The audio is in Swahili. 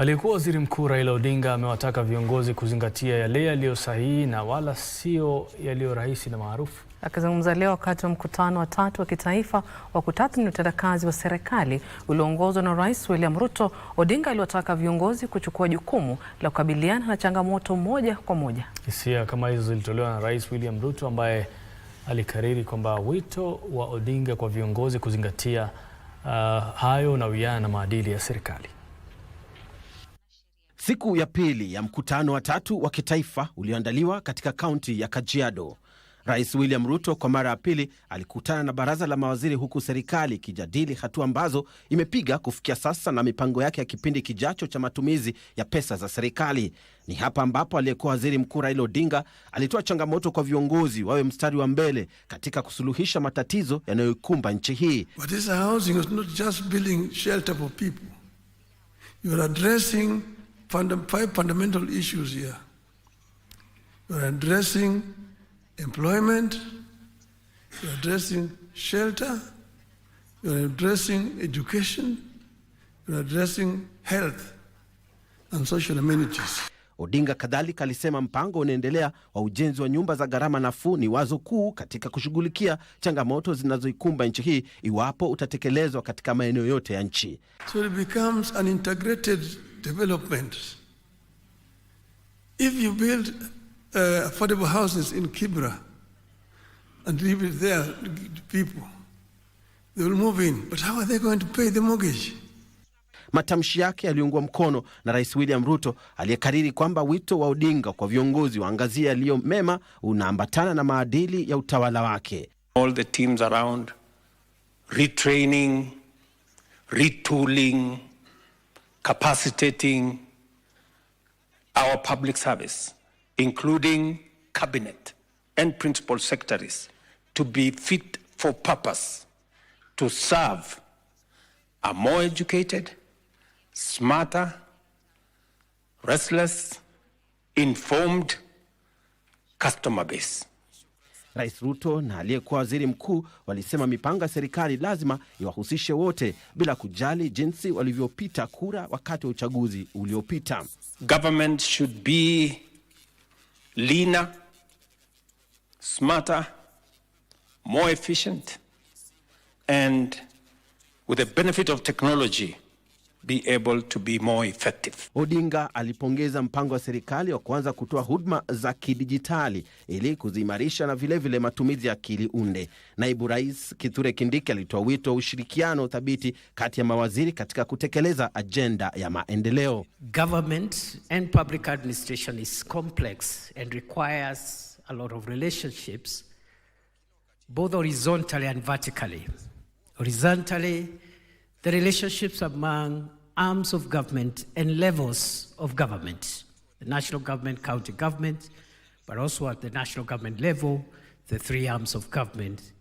Aliyekuwa waziri mkuu Raila Odinga amewataka viongozi kuzingatia yale yaliyo sahihi na wala sio yaliyo rahisi na maarufu. Akizungumza leo wakati wa mkutano wa tatu wa kitaifa wa kutathmini utendakazi wa serikali ulioongozwa na Rais William Ruto, Odinga aliwataka viongozi kuchukua jukumu la kukabiliana na changamoto moja kwa moja. Hisia kama hizo zilitolewa na Rais William Ruto ambaye alikariri kwamba wito wa Odinga kwa viongozi kuzingatia uh, hayo na wiana na maadili ya serikali. Siku ya pili ya mkutano wa tatu wa kitaifa ulioandaliwa katika kaunti ya Kajiado, Rais William Ruto kwa mara ya pili alikutana na baraza la mawaziri, huku serikali ikijadili hatua ambazo imepiga kufikia sasa na mipango yake ya kipindi kijacho cha matumizi ya pesa za serikali. Ni hapa ambapo aliyekuwa waziri mkuu Raila Odinga alitoa changamoto kwa viongozi wawe mstari wa mbele katika kusuluhisha matatizo yanayoikumba nchi hii. But fundam- five fundamental issues here. You're addressing employment, you're addressing shelter, you're addressing education, you're addressing health and social amenities. Odinga kadhalika alisema mpango unaendelea wa ujenzi wa nyumba za gharama nafuu ni wazo kuu katika kushughulikia changamoto zinazoikumba nchi hii iwapo utatekelezwa katika maeneo yote ya nchi. So it becomes an integrated development. If you build uh, affordable houses in Kibra and leave it there to people, they will move in. But how are they going to pay the mortgage? Matamshi yake yaliungwa mkono na Rais William Ruto aliyekariri kwamba wito wa Odinga kwa viongozi wa waangazie yaliyo mema unaambatana na maadili ya utawala wake. All the teams around, retraining, retooling capacitating our public service, including cabinet and principal secretaries, to be fit for purpose to serve a more educated, smarter, restless, informed customer base. Rais Ruto na aliyekuwa waziri mkuu walisema mipango ya serikali lazima iwahusishe wote bila kujali jinsi walivyopita kura wakati wa uchaguzi uliopita. Government should be leaner, smarter, more efficient and with the benefit of technology be able to be more effective. Odinga alipongeza mpango wa serikali wa kuanza kutoa huduma za kidijitali ili kuziimarisha na vilevile vile matumizi ya akili unde. Naibu Rais Kithure Kindiki alitoa wito wa ushirikiano thabiti kati ya mawaziri katika kutekeleza ajenda ya maendeleo. Government and public administration is complex and requires a lot of relationships both horizontally and vertically. Horizontally the relationships among arms of government and levels of government the national government, county government, but also at the national government level, the three arms of government